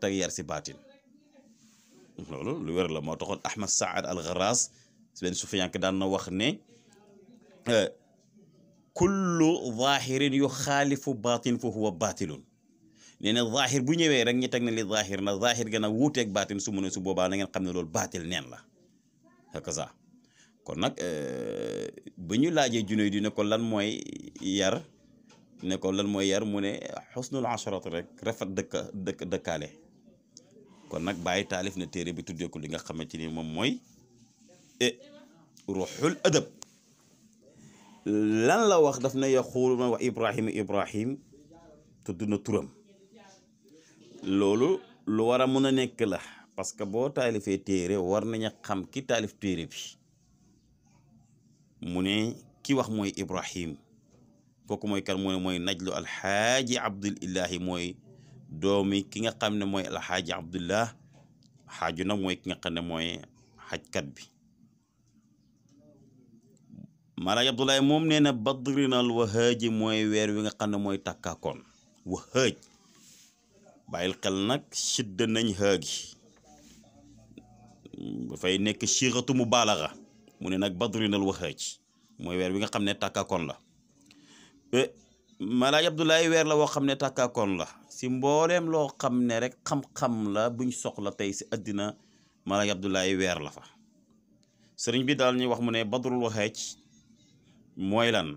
tagyeer si baatin loolu lu wér la moo taxoon Ahmad Saad al Gharas benn sufiyanke daan na wax ne kullu zahirin yu xaalifu baatin fa huwa baatilun nee na zahir bu ñëwee rek ñi teg na li zahir na zahir gën a wuuteeg baatin su mu ne su boobaa na ngeen xam ne loolu baatil neen la hakaza kon nag bu ñu laajee junay di ne ko lan mooy yar ne ko lan mooy yar mu ne xusnul asharati rek rafet dëkka dëkk dëkkaale kon nak baye talif na téré bi tuddé ko li nga xamanteni mom moy e ruhul adab lan la wax daf na yaxuulu wa ibrahim Ibrahim tuduna turam loolu lu wara a nek la parce que bo talifé téré war nañu xam ki talif téré bi mune ki wax moy Ibrahim koku moy kan moy ne mooy najlu alxaaji Abdul ilahi moy doomi ki nga xam ne mooy alxaaji abdullah xaaju nag mooy ki nga xam ne mooy xajkat bi maalaaji abdullahi moom nee na badrinal wahaaji mooy weer wi nga xam ne mooy tàkkaakoon wahaaj bàyyil xel nag sidd nañ xaagi dafay nekk siixatu mu baalaxa mu ne nag badrinal wahaaj mooy weer wi nga xam ne tàkkaakoon la malaaj Abdoulaye weer la woo xam ne tàkkaakoon la si mbooleem loo xam ne rek xam-xam la buñ soxla tey si àddina malaaj Abdoulaye weer la fa sëriñ bi daal ñuy wax mu ne badrul waxeej mooy lan